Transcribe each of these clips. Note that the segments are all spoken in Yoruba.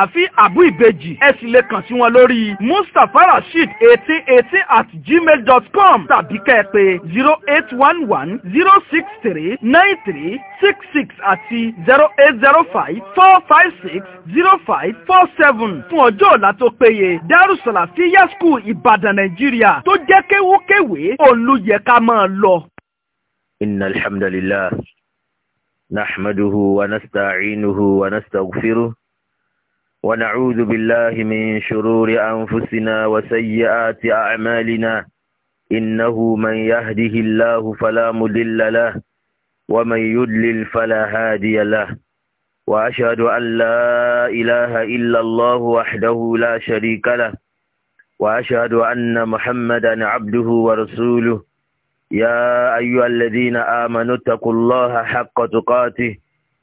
sàràfí àbú ìbejì ẹ sì lè kàn sí wọn lórí mustapha rasheed eighteen eighteen at gmail dot com tàbí kẹ́ẹ̀pè zero eight one one zero six three nine three six six àti zero eight zero five four five six zero five four seven fún ọjọ́ ọ̀la tó péye darussalafiya school ìbàdàn nàìjíríà tó jẹ́ kéwúkéwé olùyẹ máa lọ. inna alhamdulillah nahmaduhu wa nasta'inuhu wa nastaghfiruh. ونعوذ بالله من شرور أنفسنا وسيئات أعمالنا إنه من يهده الله فلا مضل له ومن يضلل فلا هادي له وأشهد أن لا إله إلا الله وحده لا شريك له وأشهد أن محمدا عبده ورسوله يا أيها الذين آمنوا اتقوا الله حق تقاته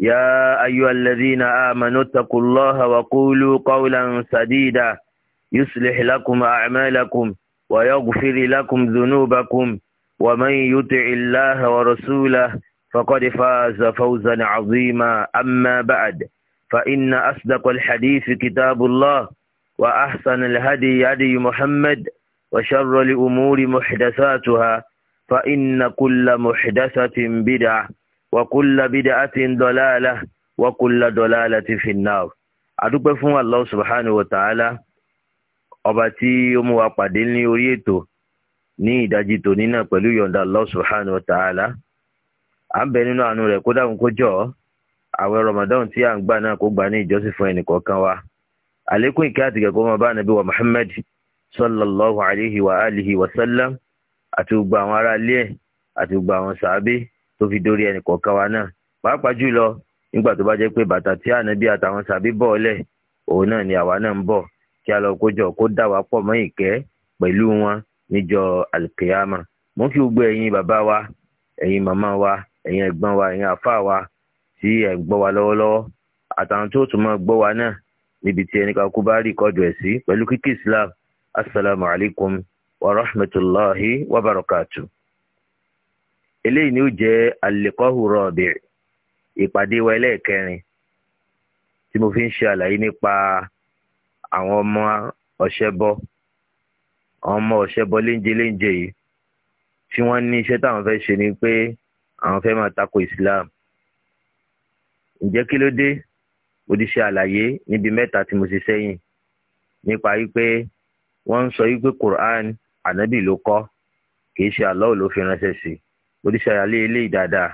يا أيها الذين آمنوا اتقوا الله وقولوا قولا سديدا يصلح لكم أعمالكم ويغفر لكم ذنوبكم ومن يطع الله ورسوله فقد فاز فوزا عظيما أما بعد فإن أصدق الحديث كتاب الله وأحسن الهدي هدي محمد وشر الأمور محدثاتها فإن كل محدثة بدعة وكل بدعة ضلالة وكل ضلالة في النار adúpẹ́ fún Allah subhanahu wa ta'ala ọba tí ó mú wa pàdé ní orí ètò ní ìdajì tòní náà pẹ̀lú yọ̀ǹda Allah subhanahu wa ta'ala à ń bẹ nínú àánú rẹ̀ kó dáhùn kó jọ àwẹ̀ Ramadan tí à ń gbà náà kó gbà ní ìjọsìn fún ẹnìkọ̀ọ̀kan wa àlékún ìkẹ́ àtìgẹ̀ kó máa bá nàbí wa Muhammad sallallahu alayhi wa alihi wa sallam àti gbogbo àwọn ará ilé ẹ̀ àti gbogbo àwọn sàábé tó fi dórí ẹnì kọ̀ọ̀kan náà pàápàá jùlọ nígbà tó bá jẹ́ pé bàtà tí ànábì àtàwọn sàbí bọ̀ ọ́lẹ̀ náà ni àwa náà ń bọ̀ kí a lọ kójọ kó dà wá pọ̀ mọ́ ìkẹ́ pẹ̀lú wọn níjọ alkiyama mo kí wa ẹ̀yin màmá wa ẹ̀yin ẹ̀gbọ́n wa ẹ̀yin wa tí ẹ ń gbọ́ wa lọ́wọ́lọ́wọ́ àtàwọn tó tún gbọ́ wa náà níbi tí bá rí kọjú ẹ̀ sí islam wa rahmatulahi wa barakatuh. eléyìí ni ó jẹ́ àlèkọ́hùrọ̀ ọ̀bẹ̀ ìpàdé wa ẹlẹ́ẹ̀kẹrin tí mo fi ń ṣe àlàyé nípa àwọn ọmọ ọ̀ṣẹ́bọ àwọn ọmọ ọ̀ṣẹ́bọ léńjé léńjé yìí tí wọ́n ní iṣẹ́ táwọn fẹ́ ṣe ni pé àwọn fẹ́ máa tako Islam ǹjẹ́ kí ló dé mo ti ṣe àlàyé níbi mẹ́ta tí mo ṣe sẹ́yìn nípa wípé wọ́n ń sọ wípé Quran ànábì ló kọ kì í ṣe Allah ló fi ránṣẹ́ sí i mo ti ṣàlàyé eléyìí dáadáa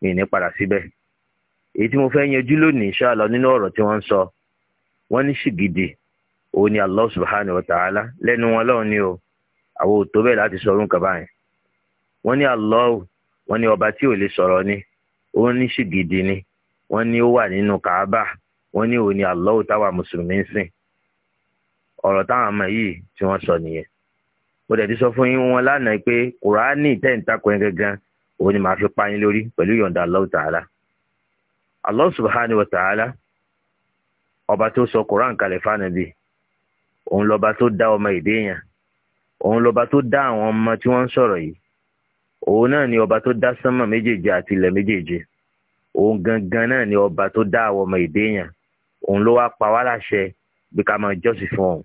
mi ní padà síbẹ̀ èyí mo fẹ́ yanjú lónìí lọ nínú ọ̀rọ̀ tí wọ́n ń sọ wọ́n ní ṣìgìdì ni Allah subhanahu ta'ala lẹ́nu wọn lọ́wọ́ ni o àwọn ò tó bẹ́ẹ̀ láti sọ orúkọ báyìí wọ́n ní Allah wọ́n ní ọba tí ò lè sọ̀rọ̀ ni òun ní ṣìgìdì ni wọ́n ní ó wà nínú Kaaba wọ́n ní òun ni Allah táwa mùsùlùmí ń sìn ọ̀rọ̀ táwọn ọmọ yìí tí sọ nìyẹn mo dẹ̀ ti sọ fún yín wọn lánàá pé kùránì tẹ̀ òun ni màá fi pa yín lórí pẹ̀lú yọ̀ǹda Allah Ta'ala Allah Subhanahu wa Ta'ala ọba tó sọ Quran kalẹ̀ fánàbí òun lọ́ba tó dá ọmọ èdè yẹn òun lọ́ba tó dá àwọn ọmọ tí wọ́n ń sọ̀rọ̀ yìí òun náà ni ọba tó dá sánmà méjèèje àti ilẹ̀ méjèèje òun gangan náà ni ọba tó dá àwọn ọmọ èdè yẹn òun ló wá pa wá láṣẹ bí ká máa jọ́sìn fún òun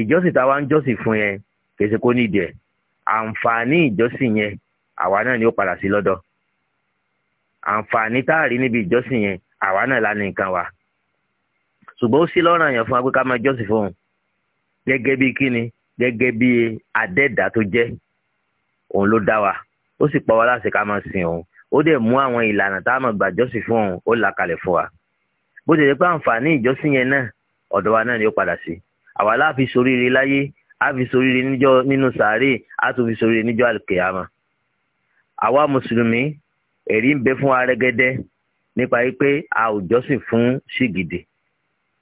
ìjọ́sìn táwa ń jọ́sìn fún yẹn kèsì kó nídìí ẹ̀ àǹfààní ìjọ́sìn yẹn àwa náà ni ó padà sí lọ́dọ̀ àǹfààní tá a rí níbi ìjọsìn yẹn àwa náà la ní nǹkan wa ṣùgbọ́n ó sì lọ́ràn yẹn fún wa pé ká máa jọ́sìn fún un gẹ́gẹ́ bí kíni gẹ́gẹ́ bí adẹ́dà tó jẹ́ òun ló dá wa ó sì pa wá láṣẹ ká máa sìn òun ó dẹ̀ mú àwọn ìlànà tá a máa gbà jọ́sìn fún òun ó là fún wa bó ti jẹ́ pé àǹfààní ìjọsìn yẹn náà ọ̀dọ̀ wa náà ni ó padà sí àwa la fi ṣoríire láyé a fi ṣoríire níjọ́ nínú sàárè a tún fi ṣoríire níjọ́ àlùkìyámà àwa mùsùlùmí ẹ̀rí ń bẹ fún wa rẹ́gẹ́dẹ́ nípa wípé a ò jọ́sìn fún ṣìgìdì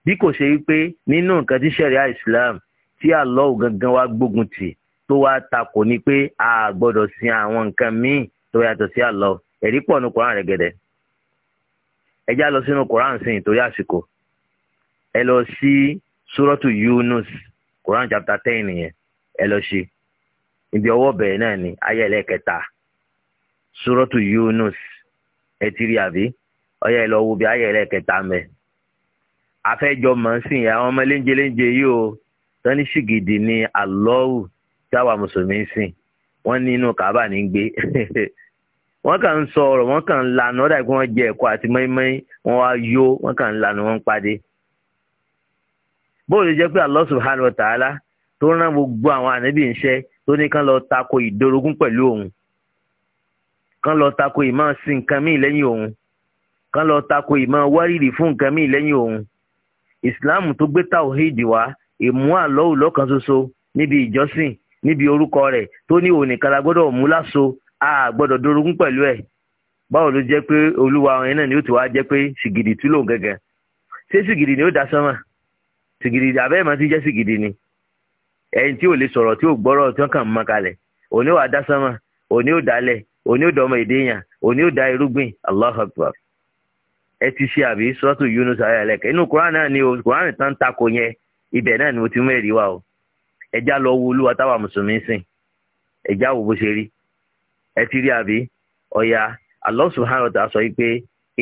bí kò ṣe wípé nínú nǹkan tí ṣẹ̀ríà Islam tí Allah gangan wá gbógun tì tó wá takò ni pé a gbọ́dọ̀ sin àwọn nǹkan míì tó yàtọ̀ sí Allah ẹ̀rí pọ̀ ní Quran rẹ́gẹ́dẹ́ ẹ já lọ sínú Quran sí nítorí àsìkò ẹ lọ sí Suratu Yunus Quran chapter ten yẹn ẹ lọ sí ibi ọwọ́ bẹ̀rẹ̀ náà ni ayé kẹta. suratu Yunus ẹ ti rí àbí ọyẹ ẹ lọ wo bí ayẹ rẹ mẹ afẹjọ mọ̀ọ́sìn àwọn ọmọ léńjeléńje yìí o tán ní ṣìgìdì ní alọ́wù táwa mùsùlùmí ń sìn wọ́n ní inú Kaaba ní gbé wọ́n kàn ń sọ ọ̀rọ̀ wọ́n kàn ń lanu ọ̀dà pé wọ́n jẹ ẹ̀kọ́ àti mọ́ínmọ́ín wọ́n wá yó wọ́n kàn ń lanu wọ́n ń padé bóòlù jẹ́ pé Allah subhanahu wa ta'ala tó rán gbogbo àwọn ànábì tó ní kán lọ tako ìdorogún pẹ̀lú òun kán lọ tako ìmọ̀ sí nǹkan míì lẹ́yìn òun lọ tako ìmọ̀ wárìrì fún nǹkan míì lẹ́yìn òun islam tó gbé tawhid wá ìmú àlọ́wù lọ́kan ṣoṣo níbi ìjọsìn níbi orúkọ rẹ̀ tó ní òun nìkan la gbọ́dọ̀ a gbọ́dọ̀ dorogún pẹ̀lú ẹ̀ báwo ló jẹ́ pé olúwa ni ó ti wá jẹ́ pé sìgìdì gẹ́gẹ́ ṣé sìgìdì ni ó da sánmà sìgìdì òní ò dọmọ èdè yàn òní ò da irúgbìn Allahu Akbar ẹ ti ṣe àbí sọ́tù Yunus ayọ̀lẹ́kẹ̀ inú Quran náà ni o Quran tán takò yẹn ibẹ̀ náà ni mo ti mú ẹ̀rí wa o ẹja lọ wo olúwa táwa mùsùlùmí sìn ẹja wo bó ṣe rí ẹ ti rí àbí ọ̀yà Allah subhanahu sọ pé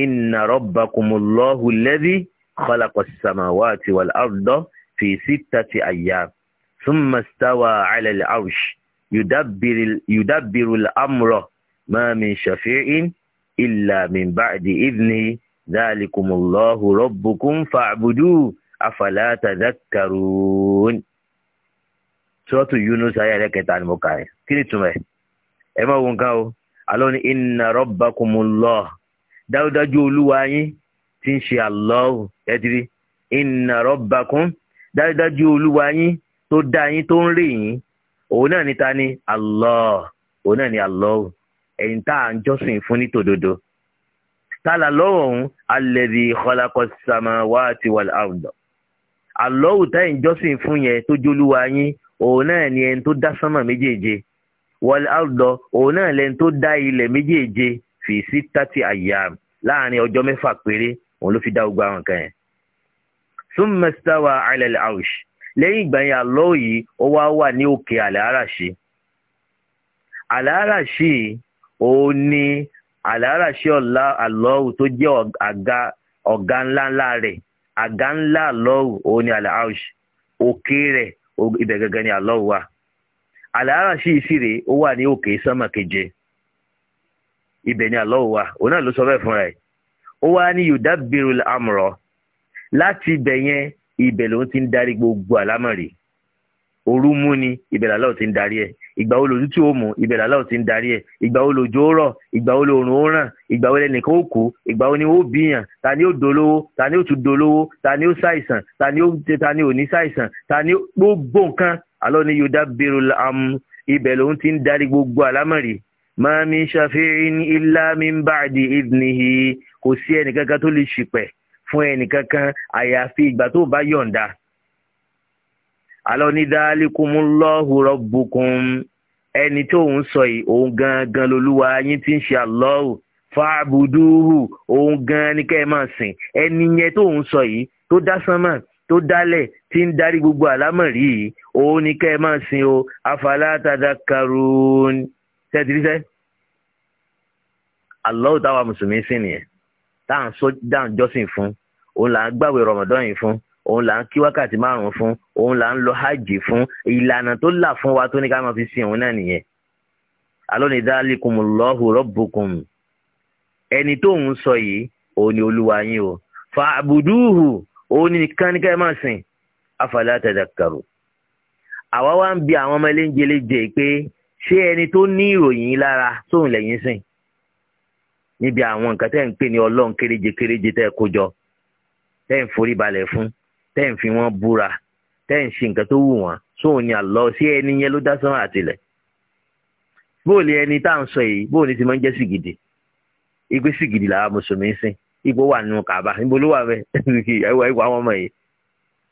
inna rabbakumullahu alladhi khalaqa as-samawati wal arda fi sittati ayyam thumma istawa 'ala al-'arsh yudabbiru ma min shafi'in illa min ba'di idni dhalikumullahu rabbukum fa'budu afala tadhakkarun. sọ́ọ̀tù yunus ayé ẹlẹ́kẹta ni mo kà ẹ́ kí ni túmọ̀ ẹ̀ ẹ má wo nǹkan o alọ́ ni inna rabbakumullah dájúdájú olúwa yín ti ń ṣe àlọ́ọ̀ ẹ ti rí inna rabbakum olúwa yín tó dá yín tó ń rè yín òun náà ni ta ni Allah òun náà ni Allah ẹ̀yin tá à ń jọ́sìn fún ní tòdodo tálà lọ́wọ́ òun alẹ́bí ìkọlákọ sàmà wá àti wàlẹ̀ àwùjọ àlọ́wù táyìn jọ́sìn fún yẹn tó jólúwa yín òun náà ni ẹni tó dá sánmà méjèèje wàlẹ̀ àwùjọ òun náà lẹni tó dá ilẹ̀ méjèèje fi sí tàti àyà láàrin ọjọ́ mẹ́fà péré òun ló fi dá gbogbo àwọn kan yẹn súnmọ́ sítáwà àìlẹ̀lẹ̀ lẹ́yìn ìgbà yẹn àlọ́wù yìí ó wá wà ní òkè àlẹ́ àràṣì àlẹ́ àràṣì yìí o ni àlàáràṣẹ́ ọ̀la àlọ́hù tó je oga-nla-nla re aga ńlá àlọ́hù o ni àlàáràṣ òkè re ibẹ̀ gẹ́gẹ́ ni àlọ́hù wa. àlàáràṣẹ́ ìsirè ó wà ní òkè sánmà keje ibẹ̀ ni àlọ́hù wa òun náà ló sọ bẹ́ẹ̀ fúnra ẹ̀ ó wá ní yudabbirul amra láti ibẹ̀ yẹn ibẹ̀ lòun ti ń darí gbogbo òru mú ni ìbẹ̀rẹ̀ aláwọ̀ ti ń darí ẹ̀ ìgbà wo lòdù tí ó mú ìbẹ̀rẹ̀ aláwọ̀ ti ń darí ẹ̀ ìgbà wo lòjò ó rọ̀ ìgbà wo lòrùn ó ràn ìgbà wo lẹ́nìkan ó kú ìgbà wo ni ó bìyàn ta ni ó dolówó ta ni ó tún dolówó ta ni ó ṣàìsàn ta ni ó ta ni ò ní ṣàìsàn ta ni gbogbo nǹkan alọ́ ni yóò bẹ̀rù am ibẹ̀ lòun ti ń darí gbogbo àlámọ̀rí ma min shafi'in illa idnihi kò sí ẹnìkankan tó lè ṣìpẹ̀ fún ẹnìkankan àyàfi alọ́ ní dáálíkùmúlọ́hù rọ́bùkún ẹni tó ń sọ yìí òun gangan lolúwa yín ti ń ṣe àlọ́hù fàbùdúhù òun gan ni kẹ́ ẹ máa sìn ẹni yẹn tó ń sọ yìí tó dá sánmà tó dálẹ̀ tí ń darí gbogbo àlámọ̀rí yìí òun ni kẹ́ ẹ máa sìn o afalátadà karun tẹ́tìrìsẹ́ àlọ́hù táwa mùsùlùmí sìn nìyẹn táà ń sọ dáhùn fún òun là ń gbàwé rọ̀mọ̀dọ́yìn fún òun là ń kí wákàtí márùn fún òun là ń lọ hajj fún ìlànà tó là fún wa tó ní ká máa fi sin òun náà nìyẹn alóni dhalikumullahu rabbukum ẹni tó ń sọ yìí òun ni olúwa yín o fa'buduhu òun nìkan ní ká máa sìn afala tadakkaru àwa wá ń bi àwọn ọmọ eléńjẹlẹjẹ pé ṣé ẹni tó ní ìròyìn lára sóun lẹ́yìn sìn níbi àwọn nǹkan tẹ́ ń pè ní ọlọ́run kéréje kéréje tẹ́ kó jọ tẹ́ ń forí balẹ̀ fún tẹ́ ń fi wọ́n búra tẹ́ ń ṣe nǹkan tó wù wọ́n sóun ni àlọ́ sí ẹni yẹn ló dá sánmà àtìlẹ̀ bóòlì ẹni tá à ń sọ yìí bóòlì ti máa ń jẹ́ sìgìdì igbe sìgìdì làwa mùsùlùmí ń sìn ipò wà nínú kàbá níbo ló wà bẹ́ẹ̀ ẹwà àwọn ọmọ yìí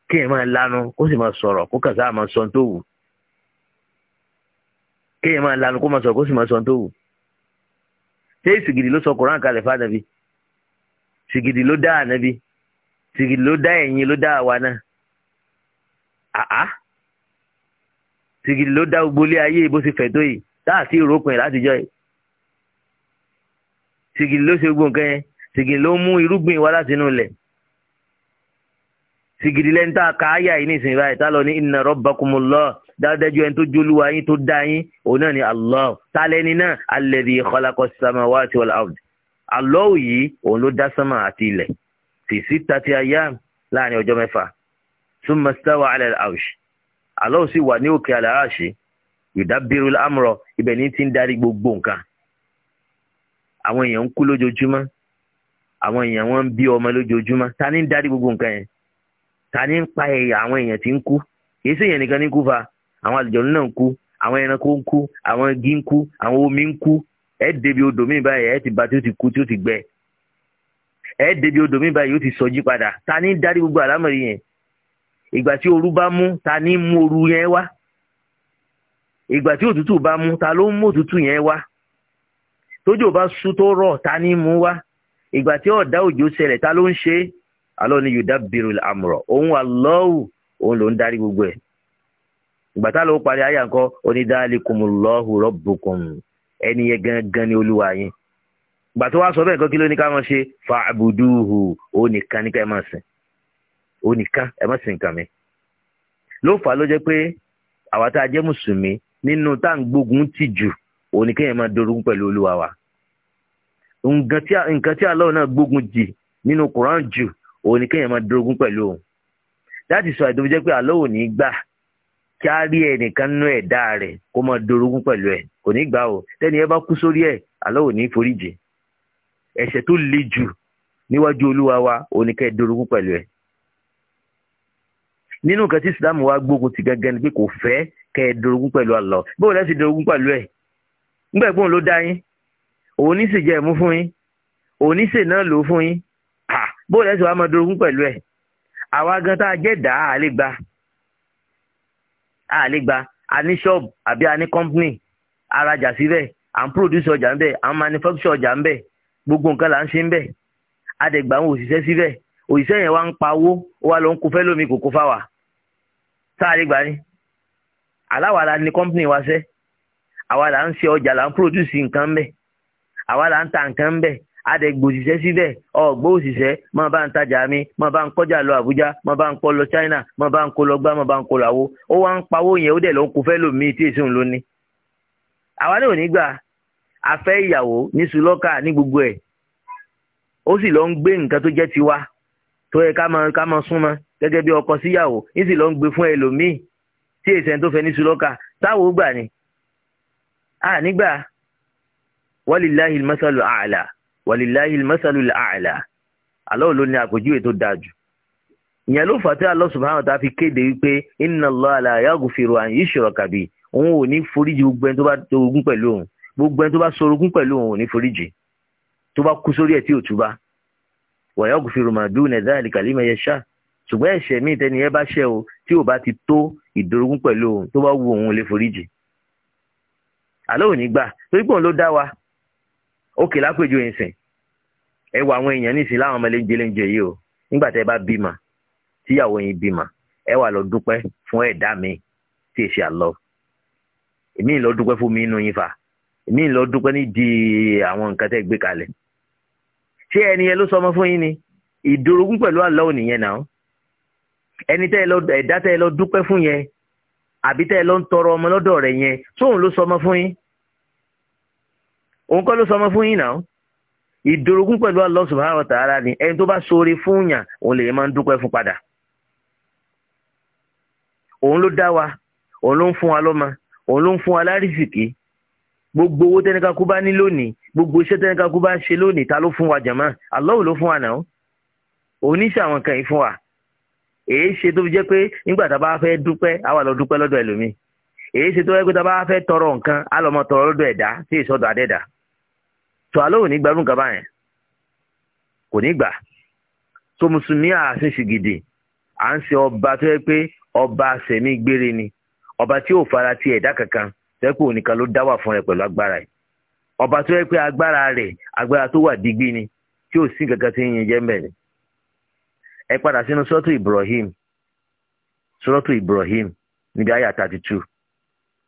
kí ẹ máa lanu kó sì máa sọ̀rọ̀ kó kàn sáà sọ tó wù kí ẹ máa lanu kó máa sọ̀rọ̀ kó sì máa sọ tó wù ṣé sìgìdì ló sọ Kùránì kalẹ̀ fún sì ló dá ẹ̀yin ló dá àwa náà àá sì ló dá gbolé ayé bó ṣe fẹ̀ tó yìí láàtí ìrókùn ẹ̀ látijọ́ yìí sì ló ṣe gbogbo nǹkan yẹn sì ló mú irúgbìn wá láti inú ilẹ̀ sigidi lẹ́ni tá a ka ayé àyè nísìnyí báyìí tá a lọ ní inna rabbakumullah dáadájú ẹni tó jólúwa yín tó dá yín òun náà ni allah tálẹ́ni náà alladhi khalaqa samawati wal ard allah yìí òun ló dá sánmà àti ilẹ̀ fi sittati ayyam láàrin ọjọ́ mẹ́fà thumma stawa ala al-arsh Allah sì wà ní òkè àlẹ́ àṣì yudabbiru al-amra ibẹ̀ ní ti ń darí gbogbo nǹkan àwọn èèyàn ń kú lójoojúmọ́ àwọn èèyàn wọn ń bí ọmọ lójoojúmọ́ ta ni ń darí gbogbo nǹkan yẹn ta ni ń pa ẹ̀yà àwọn èèyàn tí ń kú kì í ṣèyàn nìkan ní kú fa àwọn àlùjọ̀nù náà ń kú àwọn ẹranko ń kú àwọn igi ń kú àwọn omi ń kú ẹ odò míì báyìí ẹ ti ba tí ó ti kú tí ó ti gbẹ ẹ débi odò mi báyìí ó ti jí padà ta ní darí gbogbo àlámọ̀rí yẹn ìgbà tí ooru bá mú ta ní mú ooru yẹn wá ìgbà tí òtútù bá mú ta ló ń mú òtútù yẹn wá tójò bá sú tó rọ̀ ta ní mú wá ìgbà tí ọ̀dá òjò ṣẹlẹ̀ ta ló ń ṣe alọ́ ni yudabbiru bèrè amra òun Allahu òun ló ń darí gbogbo ẹ̀ ìgbà tá ló parí ayà ńkọ́ onídàálẹ̀ kùmùlọ́hù rabbukum ẹni yẹn gangan ni olúwa yín gbà tó wá sọ bẹ́ẹ̀ kí ní ká máa ṣe fa àbùdúhù ó nìkan ní ká ẹ máa sìn ó nìkan ẹ máa sìn nǹkan mi ló fà á ló jẹ́ pé àwa tá a jẹ́ mùsùlùmí nínú tá tì jù ó ní kéèyàn máa pẹ̀lú olúwa wa nǹkan tí Allah náà gbógun jì nínú Quran jù ó ní kéèyàn máa dorogún pẹ̀lú òun láti sọ àìdóbi jẹ́ pé ẹ̀ṣẹ̀ tó le jù níwájú olúwa wa oníkẹ́ dorogún pẹ̀lú ẹ̀ nínú nǹkan tí islam wa gbógun ti gẹ́gẹ́ ni pé kò fẹ́ kẹ́ ẹ dorogún pẹ̀lú Allah bó lẹ́sì dorogún pẹ̀lú ẹ̀ nígbà ìgbóhùn ló dá yín òun ní sì jẹ́ ẹ̀mú fún yín òun ní sì náà lò fún yín bó lẹ́sì wa máa dorogún pẹ̀lú ẹ̀ àwa gan tá a jẹ́ dá a lè gba a lè gba a ní ṣọ́ọ̀bù àbí a ní kọ́mpínì arajà síbẹ̀ à ń pòdúsì ọjà ńbẹ̀ à ń manufacture ọjà ńbẹ̀ gbogbo nǹkan là ń ṣe ń bẹ̀ adẹ̀gbà àwọn òṣìṣẹ́ síbẹ̀ òṣìṣẹ́ yẹn wá ń pa owó ó wá lọ ń kó fẹ́ lómi kò kó fáwa sáà lè gbà ní aláwa la ní kọ́mpìnì wa ṣẹ́ àwa là ń ṣe ọjà là ń pòdùsì nǹkan bẹ̀ àwa là ń ta nǹkan bẹ̀ adẹ̀gbò òṣìṣẹ́ síbẹ̀ ọ̀gbọ́ òṣìṣẹ́ máa bá ń tajà mi máa bá ń kọjá lọ Àbújá máa bá ń kọ lọ China máa bá ń kọ lọ gbá máa bá ń kọ lọ àwo ó wá ń pawó yẹn ó dẹ̀ lọ ń kó fẹ́ lómi tí èsì òun ló àwa náà ò ní gbà afẹ́ ìyàwó ní sùlọ́kà ní gbogbo ẹ̀ ó sì lọ ń gbé nǹkan tó jẹ́ tiwa tó yẹ ká máa súnmọ́ gẹ́gẹ́ bí ọkọ síyàwó ní sì lọ ń gbé fún ẹlòmíì tí èsì tó fẹ́ ní sùlọ́kà ni a nígbà walillahil masalu a'la walillahil masalu a'la Allah ló ni àpèjúwe tó dáa jù ìyẹn ló fà tí fi kéde wípé inna Allah la yaghfiru òun ò ní foríjì gbogbo gbogbo ẹni tó bá sorogún pẹ̀lú òun ò ní foríjì tó bá kú sórí ẹ̀ tí ò túbá wọ̀nyá kò fi rùmàdù nẹ̀dá àlìkàlì mẹ́yẹ ṣá ṣùgbọ́n ẹ̀ṣẹ̀ míì tẹ́ni ẹ bá ṣẹ̀ o tí ò bá ti tó ìdorogún pẹ̀lú òun tó bá wu òun ò lè foríjì àlọ́ òní gbà torí pé òun ló dá wa òkè lápèjọ ìsìn ẹ wọ àwọn èèyàn nísìnyí láwọn ọmọ léńjẹ léńjẹ yìí o nígbà tẹ́ ẹ bá bímọ tíyàwó yín bímọ ẹ wà lọ dúpẹ́ fún ẹ̀dá mi tí èsì àlọ́ èmi lọ dúpẹ́ fún mi inú yín fà mi ń lọ dúpẹ́ nídìí àwọn nǹkan tẹ́ gbé kalẹ̀ ṣé ẹni yẹn ló sọ ọmọ fún yín ni ìdorogún pẹ̀lú Allah nìyẹn náà ẹni tẹ́ ẹ lọ ẹ̀dá tẹ́ ẹ lọ dúpẹ́ fún yẹn àbí tẹ́ ẹ lọ ń tọrọ ọmọ lọ́dọ̀ rẹ̀ yẹn tóun ló sọ ọmọ fún yín òun kọ́ ló sọ ọmọ fún yín náà ìdorogún pẹ̀lú Allah subhanahu wa ni ẹni tó bá ṣoore fún yàn òun lè máa ń dúpẹ́ fún padà òun ló dá wa òun ló ń fún wa lọ́mọ òun ló ń fún wa lárìsìkì gbogbo owó tẹ́nìkan kú bá ní lónìí gbogbo iṣẹ́ tẹ́nìkan kú bá ń ṣe lónìí ta ló fún wa jàmá Allah ló fún wa náà oníṣẹ́ àwọn kan yìí fún wa èyí ṣe tó fi jẹ́ pé nígbà tá a bá fẹ́ dúpẹ́ àwa lọ dúpẹ́ lọ́dọ̀ ẹlòmíì èyí ṣe tó fẹ́ pé tá a bá fẹ́ tọrọ nǹkan á lọ mọ tọrọ lọ́dọ̀ ẹ̀dá tí ìṣọ̀dọ̀ àdẹ́dà tó Allah ní gbàdúrà nǹkan báyẹn kò ní gbà tó mùsùlùmí àṣeṣì gidi à ń ṣe ọba tó yẹ pé ọba sẹ̀mí gbére ni ọba tí ò fara ti ẹ̀dá kankan tẹ́kù nìkan ló dá wà fún rẹ pẹ̀lú agbára ọba tó yẹ agbára agbára tó wà dígbì ni tí ò sí kankan tí ń yin jẹ́ mẹ́rin ẹ padà sínú sọ́tù Ibrahim sọ́tù Ibrahim níbi àyà thirty two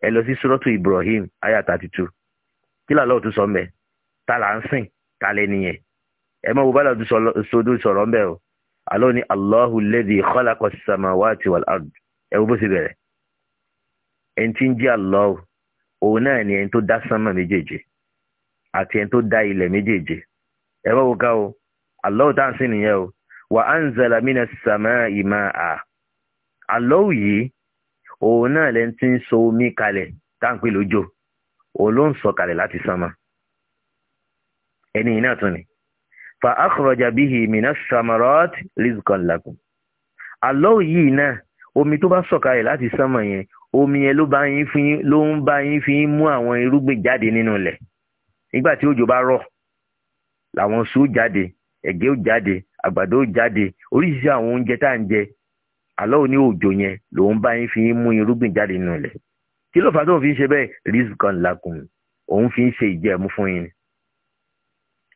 ẹ lọ sí sọ́tù Ibrahim àyà thirty two kí làlọ́ òtún sọ ta là ń ta nìyẹn ẹ mọ̀ sọdún sọ̀rọ̀ o àlọ́ ni Allahu lẹ́dí ẹ òun náà ni ẹni tó dá sánmà méjèèje àti ẹni tó dá ilẹ̀ méjèèje ẹ bá wo ká o Allah tá à ń sìn nìyẹn o wa anzala minas samaa'i ma'a Allah yìí òun náà lẹ́ni tí ń so omi kalẹ̀ táǹpé lójó òun ló ń sọ kalẹ̀ láti sánmà ẹni yìí náà tún ni fa akhraja bihi minas samarati rizqan lakum Allah yìí náà omi tó bá sọ̀kalẹ̀ láti sánmà yẹn omi yẹn ló bá yín fi ló ń bá yín fi mú àwọn irúgbìn jáde nínú ilẹ̀ nígbà tí òjò bá rọ̀ làwọn sùn jáde ẹ̀gẹ́ ò jáde àgbàdo ò jáde oríṣiríṣi àwọn oúnjẹ tá à ń jẹ àlọ́ òní òjò yẹn ló ń bá yín fi mú irúgbìn jáde nínú ilẹ̀ kí ló fà tó ń fi ṣe bẹ́ẹ̀ rizkan lakum òun fi ń ṣe ìjẹ́mu fún yín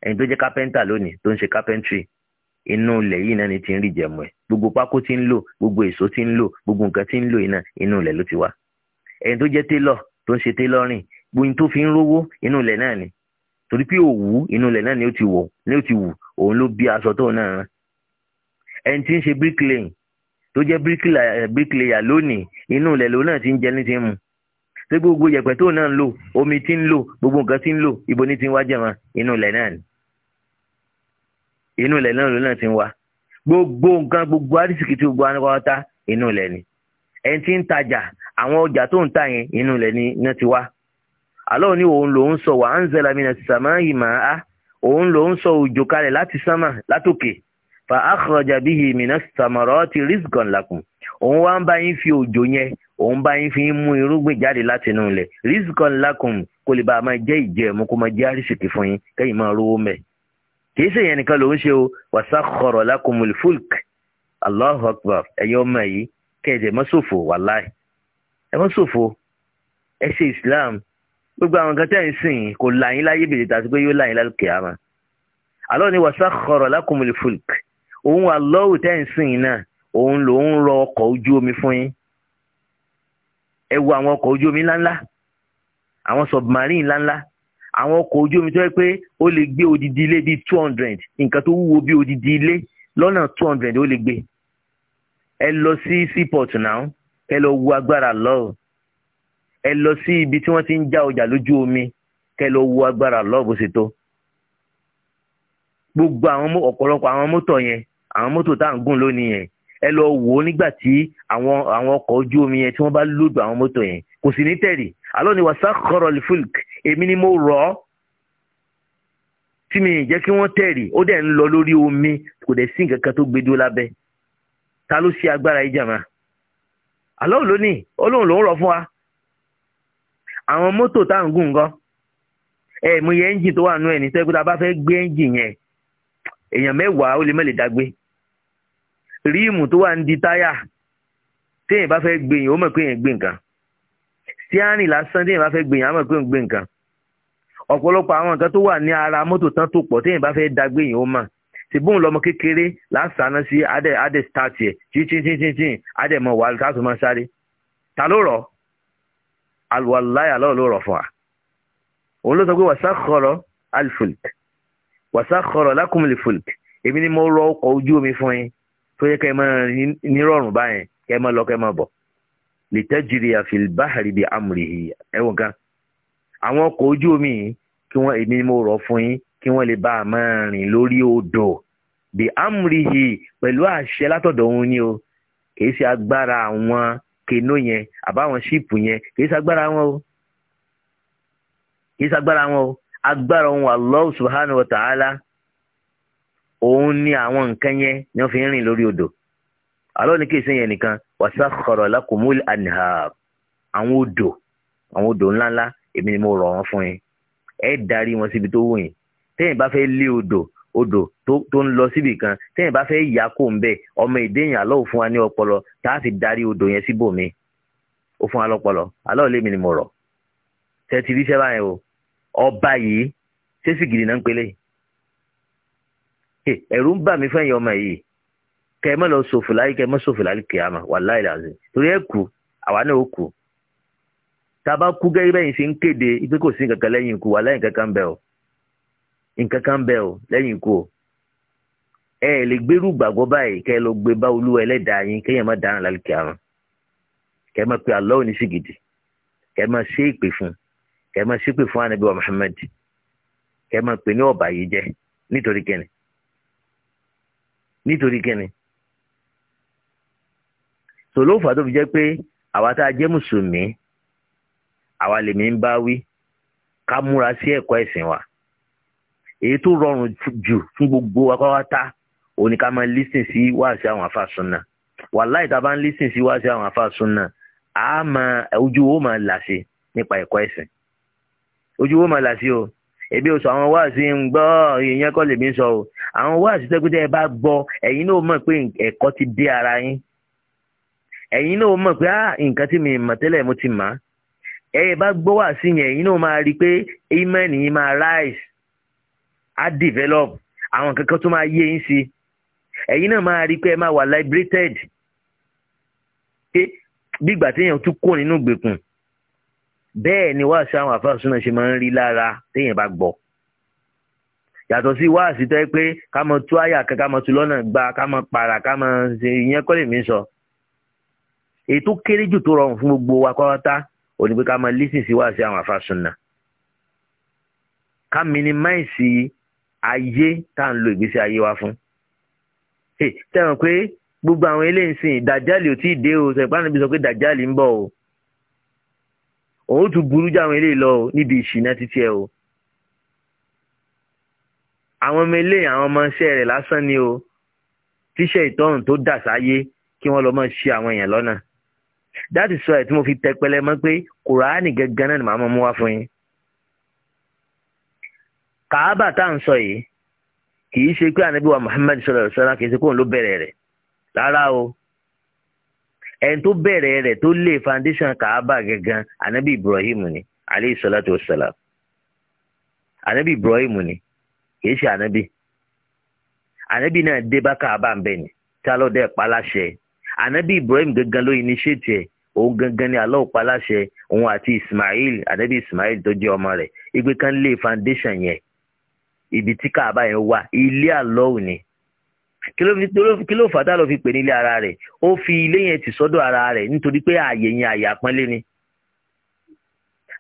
ẹni tó jẹ́ kápẹ́ńtà lónìí tó ń ṣe kápẹ́ńtì inú ilẹ̀ yìí náà ni ti ń rí jẹ̀mú ẹ̀ gbogbo pákó ti ń lò gbogbo èso ti ń lò gbogbo nǹkan ti ń lò iná inú ilẹ̀ ló ti wá ẹni tó jẹ́ télọ̀ tó ń ṣe télọ́rìn gbogbo tó fi ń rówó inú ilẹ̀ náà ni torí pé òwú inú ilẹ̀ náà ni ó ti wọ̀ ni ó ti wù òun ló bí aṣọ tó náà rán ẹni tí ń ṣe bricklaying tó jẹ́ eh, bricklayer lónìí inú ilẹ̀ ló náà ti ń jẹ ní ti ń mu ṣé gbogbo yẹ̀pẹ̀ tó náà ń lò omi ti ń lò gbogbo nǹkan ti ń lò ibo ni ti ń wá jẹ̀mọ́ inú ilẹ̀ náà ni inú ilẹ̀ náà ló náà ti ń wá gbogbo nǹkan gbogbo arísìkì tí gbogbo anúkọ́ta inú ilẹ̀ ni ẹni tí ń tajà àwọn ọjà tó ń tà yẹn inú ilẹ̀ ni náà ti wa àlọ́ ní òun lòun sọ wà á ń zẹlẹ̀ mi sàmá yìí mà á òun lòun sọ òjò kalẹ̀ láti sánmà látòkè fa akhraja bihi mina samarati rizqan lakum òun wá ń bá yín fi òjò yẹn òun bá yín fi ń mú irúgbìn jáde láti inú ilẹ̀ rizqan lakum kó lè bá a máa jẹ́ ìjẹ́ mú kó máa jẹ́ àrísìkì fún yín kẹ́yìn máa rówó mẹ́ẹ̀ kìí ṣe yẹn nìkan ló ń ṣe o wasakhkhara lakumul fulk allahu akbar ẹ̀yin ọmọ yìí kẹ̀dẹ̀ mọ́ ṣòfò wàláì ẹ mọ́ ṣòfò ẹ ṣe islam gbogbo àwọn kan tẹ́ ń sìn kò láyín láyé bèrè tàbí pé yóò láyín lálùkè àmà alọ́ ni wasakhkhara lakumul fulk òun alọ́wù tẹ́ ń sìn náà òun ló ń rọ ọkọ̀ ojú omi fún yín ẹ wo àwọn ọkọ̀ ojú omi ńláńlá àwọn submarine ńláńlá àwọn ọkọ̀ ojú omi tó yẹ pé ó lè gbé odidi ilé bíi two hundred nǹkan tó wúwo bíi odidi ilé lọ́nà two hundred ó lè gbé ẹ lọ sí seaport náà kẹ lọ wo agbára lọ́ọ̀ ẹ lọ sí ibi tí wọ́n ti ń já ọjà lójú omi kẹ lọ wo agbára lọ́ọ̀ bó ṣe tó gbogbo àwọn ọ̀pọ̀lọpọ̀ àwọn mọ́tò yẹn àwọn mọ́tò tá à ń gùn lónìí yẹn ẹ lọ wò ó nígbà tí àwọn àwọn ọkọ̀ ojú omi yẹn tí wọ́n bá lòdù àwọn mọ́tò yẹn kò sì ní tẹ̀rì alọ́ ni wàsá kọ́rọ̀ lifulk èmi ni mo rọ̀ ọ́ tí mi ì jẹ́ kí wọ́n tẹ̀rì ó dẹ̀ ń lọ lórí omi kò dẹ̀ sí nǹkan kan tó gbé dúró lábẹ́ ta ló ṣe agbára yìí jàmá àlọ́ọ̀ lónìí olóhùn ló ń rọ̀ fún wa àwọn mọ́tò tá à ń gùn gan ẹ mo yẹ ẹ́ńjìn tó wà nú ẹ̀ ní sẹ́kúta bá fẹ́ gbé ẹ́ńjìn yẹn èèyàn mẹ́wàá ó lè mẹ́lẹ̀ dágbé ríìmù tó wà ń di táyà téèyàn bá fẹ́ gbé yẹn ó mọ̀ pé èèyàn gbé nǹkan tí a rìn lásán téèyàn bá fẹ́ gbìyàn á mọ̀ pé ń gbé nǹkan ọ̀pọ̀lọpọ̀ àwọn nǹkan tó wà ní ara mọ́tò tán tó pọ̀ téèyàn bá fẹ́ dagbé yìí ó mọ̀ tìbúùn lọmọ kékeré lásàánà sí adẹ adẹ stati ẹ tíntìntìntìn adẹ mọ wàhálà tá a tún máa sáré ta ló rọ alùwàláyà lọ́ọ̀ ló rọ fún wa òun ló sọ pé wàsá kọrọ alifulk wàsá kọrọ lákùnmìlifulk èmi ni mo rọ ọkọ̀ ojú omi fún yín tó yẹ kẹ́ ẹ máa nírọ̀rùn báyẹn kẹ́ ẹ máa lọ kẹ́ ẹ máa bọ̀ le fil bahri bi amrihi ẹ̀wọ̀n kan àwọn ọkọ̀ ojú omi yìí kí wọ́n èmi mo rọ̀ fún lè bá a máa rìn lórí odò bi amrihi pẹ̀lú àṣẹ látọ̀dọ̀ òun ni o kì í ṣe agbára àwọn keno yẹn àbáwọn ṣíìpù yẹn kì í ṣe agbára wọn o kì í ṣe agbára o agbára subhanahu wa ta'ala òun ni àwọn nǹkan yẹn ni wọ́n fi ń rìn lórí odò. àlọ́ ni kéèsì yẹn nìkan wasakhkhara lakumul anhar àwọn odò àwọn odò ńláńlá èmi ni mo rọ̀ wọ́n fún yín ẹ darí wọn síbi tó wù yín tẹ́yìn bá fẹ́ lé odò odò tó ń lọ síbi kan tẹ́yìn bá fẹ́ yà kó ń bẹ̀ ọmọ ìdẹ́yìn àlọ́ òfun wa ní ọpọlọ tá a fi darí odò yẹn síbòmí ó fún wa lọ́pọlọ àlọ́ lèmi ni mo rọ̀ tẹ́tí rí sẹ́wà o ọba yìí ṣé sì gidi náà ń pélé ẹ̀rù ń bà mí fẹ́yìn ọmọ yìí kẹ ẹ mọ lọ sòfò láyé kẹ ẹ mọ sòfò láyé kìámà wàláhì làzímì torí ẹ kú àwa náà ó kú tàbá kú gẹ́gẹ́ bẹ́yìn sí ń kéde pé kò sí nǹkankan lẹ́yìn ikú wàláhì nǹkankan bẹ́ẹ̀ o nǹkankan bẹ́ẹ̀ o lẹ́yìn ikú o ẹ ẹ lè gbérú gbàgbọ́ báyìí kẹ lọ gbé bá olú ẹlẹ́dàá yín kéèyàn má dáhùn láyé kìámà kẹ má pe Allah ní sìgìdì kẹ ẹ má ṣe ìpè fún kẹ ẹ má ṣépè fún ànábì wa Muhammad kẹ nítorí kẹ́ni so ló fà tó fi jẹ́ pé àwa tá a jẹ́ mùsùlùmí àwa lèmi ń bá wí ká múra sí ẹ̀kọ́ ẹ̀sìn wa èyí tó rọrùn jù fún gbogbo wa pátá òun ni ká máa lísìn sí wáàsí àwọn afáàsùn náà wàláì tá a bá ń lísìn sí wáàsí àwọn afáàsùn náà a máa ojú wo máa làṣẹ nípa ẹ̀kọ́ ẹ̀sìn ojú wo máa làṣẹ o ebi o sọ àwọn wáàsí ń gbọ́ ìyẹn kọ́ lèmi sọ o àwọn wáàsí tẹ́kútẹ́ bá gbọ́ ẹ̀yin náà mọ̀ pé ẹ̀kọ́ ti dé ara yín ẹ̀yin náà mọ̀ pé ah, nǹkan tí mi mọ̀ tẹ́lẹ̀ mo ti mọ̀ ẹ̀yẹ bá gbọ́ wá sí yẹn ẹ̀yin náà máa rí i pé amen yìí máa rise á develop àwọn kankan tó máa yé yín sí ẹ̀yin náà máa rí i pé ẹ máa wà liberated pé bí ìgbà téèyàn tún kó nínú ìgbèkùn bẹ́ẹ̀ ni wáàsí àwọn àfáàsù náà ṣe máa ń rí lára téèyàn bá gbọ́ yàtọ̀ sí wáàsí tó yẹ pé ká mọ tú àyà kan ká mọ tú lọ́nà gba ká mọ para ká mọ ṣe ìyẹn kọ́ lèmi sọ. So èyí tó kéré jù tó rọrùn fún gbogbo wa pátá ò ní pé ká máa lísìn sí wá sí àwọn àfàsùnà ká mínímáìsì ayé tá à ń lo ìgbésí ayé wa fún. tẹ̀wọ̀n pé gbogbo àwọn eléyìí sìn dàjálì ò tí ì dé o sẹ̀pá níbi sọ pé dàjálì ń bọ̀ o òun tún burú jẹ́ àwọn eléyìí lọ o níbi ìṣìnà títí ẹ o àwọn ọmọ eléyìí àwọn ọmọ iṣẹ́ rẹ̀ lásán ni o tíṣẹ́ ìtọ́rùn tó dà sáyé kí wọ́n lọ máa ṣì àwọn èèyàn lọ́nà that is why tí mo fi tẹpẹlẹ mọ́ pé kùránì gẹ́gẹ́ náà ni màá mọ́ mú wá fún yín kàábà tá à ń sọ yìí kì í ṣe pé ànábì wa Muhammad sallallahu alaihi wasallam kì í ṣe kóun ló bẹ̀rẹ̀ rẹ̀ rárá o ẹni tó bẹ̀rẹ̀ rẹ̀ tó lé foundation kàábà gẹ́gẹ́ ànábì Ibrahim ni aleyhi salatu wassalam ànábì Ibrahim ni kì í ṣe ànábì ànábì náà dé bá kàábà ń bẹ̀ ni tí pa láṣẹ ànábì Ibrahim gẹ́gẹ́ ló initiate ẹ̀ òun gangan ni Allah pa láṣẹ òun àti Ismail ànábì Ismail tó jẹ́ ọmọ rẹ̀ igbe kan lé foundation yẹn ibi tí káàbá yẹn wà ilé Allah ni kí ló fàtà ló fi pè ní ilé ara rẹ̀ ó fi ilé yẹn ti sọ́dọ̀ ara rẹ̀ nítorí pé ààyè yẹn ààyè àpọ́nlé ni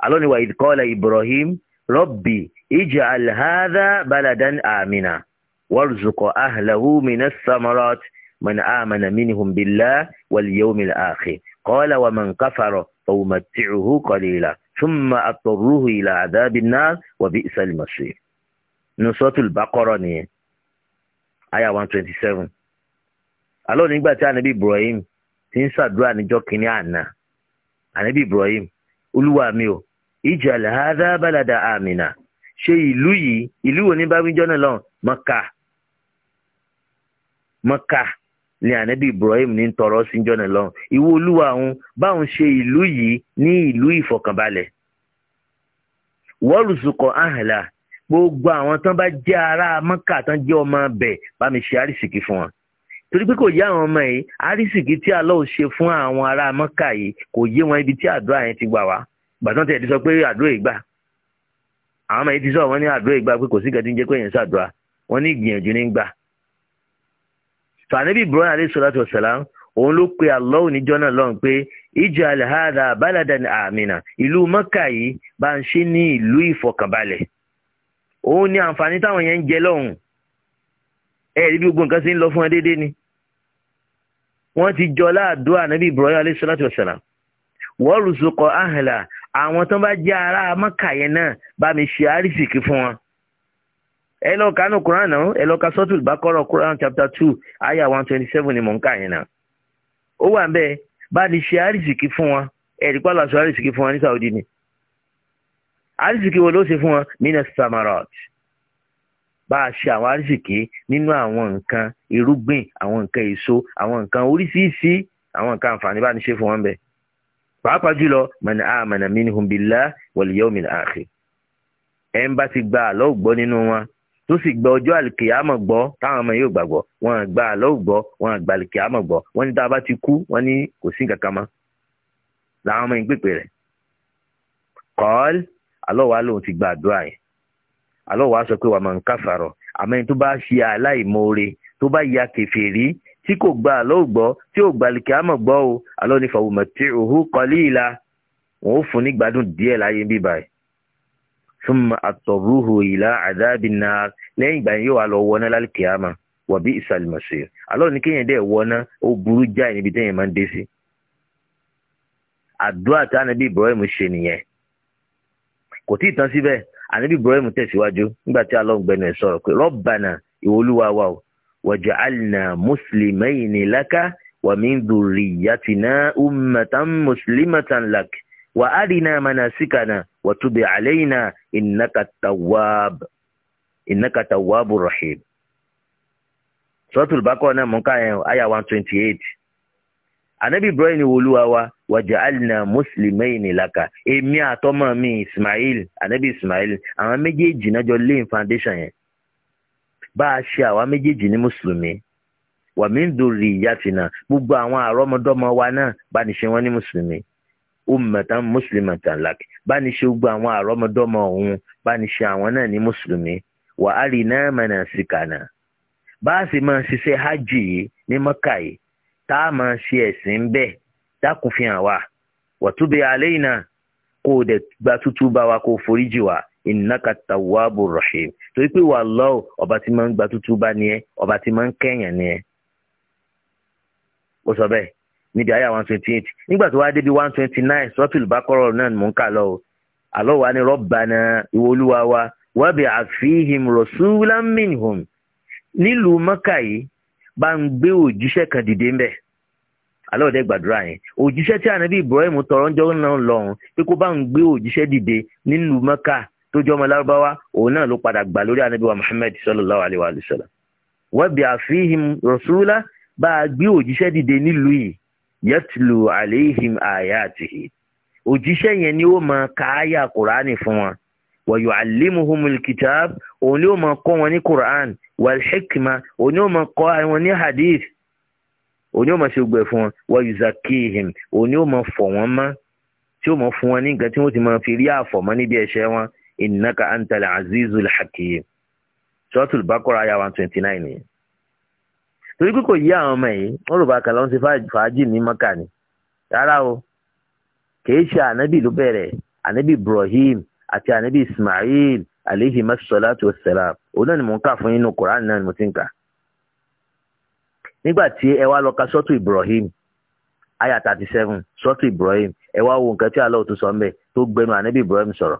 Allah ni wa idh qala Ibrahim rabbi ij'al hadha baladan amina warzuq ahlahu minas samarat man amana minhum billah wal yawmil قال ومن كفر فأمتعه قليلا ثم أضطره إلى عذاب النار وبئس المصير نصرة البقرة نية آية 127 alọ́ nígbà tí anabi ibrahim ti ń ṣàdúrà níjọ́ kínní àná anabi ibrahim olúwa mi ò ijal hadha balada amina ṣe ìlú yìí ìlú wo ní bábíjọ́ náà lọ́n mọ́kà mọ́kà ni ànábì ibrahim ní tọrọ síjọ́ náà lọ́rùn ìwọ olúwa òun báwọn ṣe ìlú yìí ní ìlú ìfọ̀kànbalẹ̀ wọ́ọ̀lùsùkọ̀ àhàlà gbogbo àwọn tán bá jẹ́ ará mọ́kà tán jẹ́ ọmọ bẹ̀ bá mi ṣe àrísìkí fún wọn torí pé kò yé àwọn ọmọ yìí àrísìkí tí Allah ṣe fún àwọn ará mọ́kà yìí kò yé wọn ibi tí àdúrà yẹn ti gbà wá gbàtàn tẹ̀ ti sọ pé àdúrà ìgbà àwọn ọmọ yìí ti sọ wọn ní àdúrà ìgbà pé kò sí gàdí pé èèyàn ṣàdúrà wọn ní ìgbìyànjú ní gbà tó ànábì ibrahim alayhi salatu wa salam òun ló pe Allah níjọ́ náà lọ́run pé ij'al hadha baladan amina ìlú mọ́kà yìí bá ń ṣe ní ìlú ìfọkànbalẹ̀ òun ni àǹfààní táwọn yẹn ń jẹ lọ́hùn ẹ̀rí bí gbogbo nǹkan ṣe ń lọ fún ẹ déédéé ni wọ́n ti jọ láàdúrà ànábì ibrahim alayhi salatu wa salam wọ́n rùsùkọ̀ ahla àwọn tó bá jẹ́ ará mọ́kà yẹn náà bá mi ṣe àrísìkí fún wọn ẹ lọ kánú Quran náà ẹ ka sọ́tù bákọ́rọ̀ Quran chapter two ayah one twenty seven ni mò ń kà yẹn náà. ó wà bẹ́ẹ̀ bá a lè ṣe àrísìkí fún wọn ẹ̀rí pàlọ́ àṣọ àrísìkí fún wọn ní Saudi ni. àrísìkí wo ló ṣe fún wọn minas samarat bá a ṣe àwọn àrísìkí nínú àwọn nǹkan irúgbìn àwọn nǹkan èso àwọn nǹkan oríṣiríṣi àwọn nǹkan àǹfààní bá a ní ṣe fún wọn bẹ́ẹ̀. pàápàá jùlọ mọ̀nà àmọ̀nà minhum billah wal yawmil akhir ẹ̀ ń bá ti gba àlọ́ ògbọ́ nínú wọn tó sì gba ọjọ́ àlìkìyàmọ̀ gbọ́ táwọn ọmọ yóò gbàgbọ́ wọn àgbà àlọ́ gbọ́ wọn àgbà àlìkìyàmọ̀ gbọ́ wọn ní tá a bá ti kú wọn ní kò sí nǹkan kan mọ́ làwọn ọmọ yìí pèpè rẹ̀ kọ́ọ́l àlọ́ wa lòun ti gba àdúrà yẹn àlọ́ wa sọ pé wàá máa ń káfàrọ̀ àmọ́ ẹni tó bá ṣe aláìmoore tó bá ya kèfèrí tí kò gba àlọ́ gbọ́ tí ò gba àlìkìyàmọ̀ gbọ́ o àlọ́ ní fàwùmọ̀ tí òhú kọ́lí ìlà wọn ò fún nígbádùn díẹ̀ láyé bíbáyìí thumma àtọ̀rúhù ila àdábìn na lẹ́yìn ìgbà yóò lọ wọná lálùkìyàmà wà bí ìsàlùmọ̀sí kéèyàn dẹ̀ wọná ó burú téèyàn máa ń dé sí. àdúrà ibrahim ṣe nìyẹn kò tí anabi ibrahim tẹ̀síwájú nígbà tí gbẹnu ẹ̀ sọ̀rọ̀ pé rọ́bànà ìwọlúwa o wàjàálìnà mùsùlùmẹ́yìn lákà wà mí ummatan muslimatan lak wà á وتب علينا إنك التواب إنك التواب الرحيم سورة البقرة مكان آية 128 anabi ibrahim ni olúwa wa wàjàálìnà mùsùlùmí làkà èmi àtọmọ mi ismail anabi ismail àwọn méjèèjì náà jọ lane foundation yẹn bá a ṣe àwa méjèèjì ní mùsùlùmí wàmí ń dorí ìyá tìǹà gbogbo àwọn àrọmọdọ́mọ wa náà bá ní ṣe wọn ní mùsùlùmí ummatan muslimatan lak bá ní ṣe gbogbo àwọn àrọ́mọdọ́mọ ọ̀hún bá ní ṣe àwọn náà ní mùsùlùmí wa arina manasikana bá a sì máa ṣiṣẹ́ hajj yìí ní mọ́kà yìí tá a máa ṣe ẹ̀sìn bẹ́ẹ̀ dákun fi hàn wá wàtúbi àlẹ́yìn náà kó o dẹ̀ gba tútú bá wa kó o foríjì wá innaka tawwabu rahim torí pé wà lọ́wọ́ ọba ti ma ń gba tutu bá ní ẹ ọba ti ma ń kẹ́yàn ní ẹ. ó sọ bẹ́ẹ̀ níbi àyà one twenty eight nígbà tó wá débi one twenty nine sọ́tìlù bá kọ́rọ̀ náà mò ń kà lọ o àlọ́ wa ni rọ́bànà ìwọ olúwa wa wábẹ̀ àfihìm rasulan minhum nílùú mọ́kà yìí bá ń gbé òjíṣẹ́ kan dìde ń bẹ̀ àlọ́ òde gbàdúrà yẹn òjíṣẹ́ tí ànábì ibrahim tọrọ ń jọ náà lọ́hùn pé kó bá ń gbé òjíṣẹ́ dìde nílùú mọ́kà tó jọ ọmọ lárúbáwá òun náà ló padà gbà lórí ànábì wa muhammad sallallahu alayhi wa sallam wábẹ̀ àfihìm rasulan bá a gbé òjíṣẹ́ dìde nílùú yìí yẹtùlù àléhìm àyà àtìhì òjíṣẹ́ yẹn ni ó máa ka àyà kùránì fún wọn wọ̀yọ̀ àlémuhumul kìtàb òun ni ó máa kọ́ wọn ní kùrán wàlhíkìmá òun ni ó máa kọ́ wọn ní hadith òun ni ó máa ṣe gbẹ fún wọn wọ̀yọ̀ zakihim òun ni ó máa fọ̀ wọn mọ́ tí ó máa fún wọn ní nǹkan tí wọ́n ti máa fi rí àfọ̀mọ́ níbi ẹ̀ṣẹ̀ wọn ìnáka antal azizul hakim sọ́tùl bákọ́rọ̀ àyà one twenty nine torí pé kò yí àwọn ọmọ yìí wọ́n rò bá kàlà ń ṣe fàájì ní mọ́kà ni rárá o kìí ṣe ànábì ló bẹ̀rẹ̀ ànábì Ibrahim àti ànábì Ismail aleyhi masalatu wasalam òun náà ni mò ń kà fún yín nínú Quran náà ni mo ti ń kà nígbà tí ẹ wá lọ ka sọ́tù Ibrahim aya thirty seven sọ́tù Ibrahim ẹ wá wo nǹkan tí aláwọ̀ tó sọ ń bẹ̀ tó gbẹnu ànábì Ibrahim sọ̀rọ̀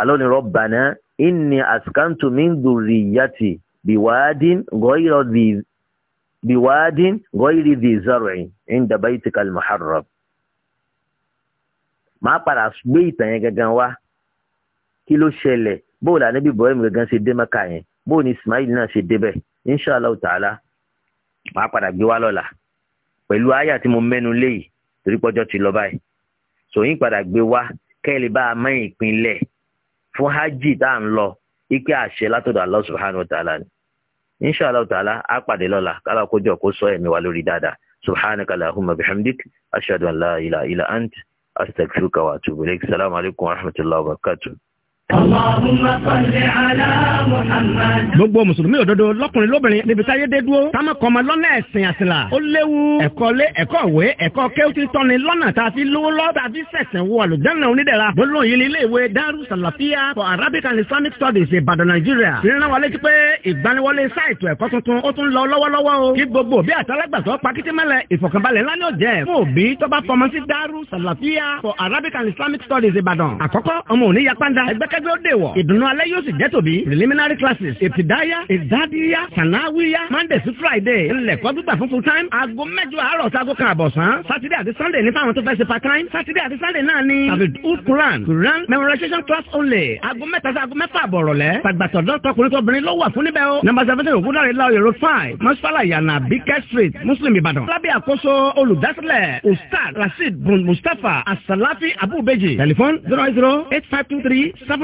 alọ́ ni Rabbana inni askantu min dhurriyyati biwadin ghayra biwadin gọ́ìrì di zar'in inda baytika al-muharram. máa padà gbé ìtàn yẹn gangan wá kí ló ṣẹlẹ̀ bóò là níbi Ibrahim gangan ṣe dé Mẹ́kà yẹn bóò ni Ismail náà ṣe débẹ̀ inshallah ta'ala máa padà gbé wá lọ́la pẹ̀lú àyà tí mo mẹ́nu léyìí torí pọ́jọ́ ti lọ báyìí sòyìn padà gbé wá kẹ́lẹ́ bá a mọ ìpínlẹ̀ fún hajj tá à ń lọ ike àṣẹ látọ̀dọ̀ Allah subhanahu wa ta'ala ni insha Allah ta'ala á pàdé lọ́la kálá kójọ kó sọ ẹ̀mí wa lórí dáadáa subhanaka allahumma bihamdik ashhadu an la ilaha illa ant astaghfiruka wa atubu ilayk assalamu alaikum wa rahmatullahi gbogbo mùsùlùmí òdodo lọkùnrin lóbìnrin níbi táyé dé dúró táwọn ọkọ ọmọ lọ́nà ẹ̀sìn àsìlà ó léwu ẹ̀kọ́ lé ẹ̀kọ́ ìwé ẹ̀kọ́ kéwùtì tọ́ni lọ́nà tá a fi lówó lọ́ tá a fi sẹ̀sẹ̀ wọ àlùjáná onídẹ̀ra gbólóhùn yìí ní ilé ìwé Daru Salafia for Arabic and Islamic Studies Ìbàdàn Nàìjíríà ìrìnà wọlé ti pé ìgbaniwọlé sáìtù ẹ̀kọ́ tuntun ó tún lọ lọ́wọ́lọ́wọ́ o kí gbogbo bí àtàlágbàsọ pakitimẹ́lẹ̀ ìfọ̀kànbalẹ̀ ńlá ni ó jẹ́ fún òbí tó bá fọmọ sí Daru Salafia for Arabic and Islamic Studies Ìbàdàn àkọ́kọ́ ọmọ òní yapanda ẹgbẹ́kẹ́ pé ó dè wọ̀. ìdùnnú alẹ́ yóò sì jẹ́ tòbí. preliminary classes ìtìdáyà ìdádíyà sànáwíyà monday sí friday ńlẹ̀kọ́ gbígbà fún full time. aago mẹ́jọ àárọ̀ sago kan àbọ̀sán. saturday àti sunday ní fáwọn tó fẹ́ ṣe part time. saturday àti sunday náà ni abdul quran quran memorization class only. aago mẹ́ta sí aago mẹ́fà àbọ̀rọ̀ lẹ̀. tàgbàtọ̀dọ̀ tọkùnrin tóbìnrin ló wà fún níbẹ̀ o. number seventeen ògúndàrí láòyè road five five